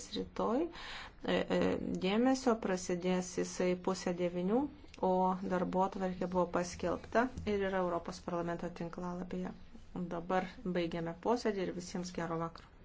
posėdis rytoj. E, e, dėmesio prasidės jisai pusę devinių, o darbo atvarkė buvo paskelbta ir yra Europos parlamento tinklalapyje. Dabar baigiame posėdį ir visiems gero vakaro.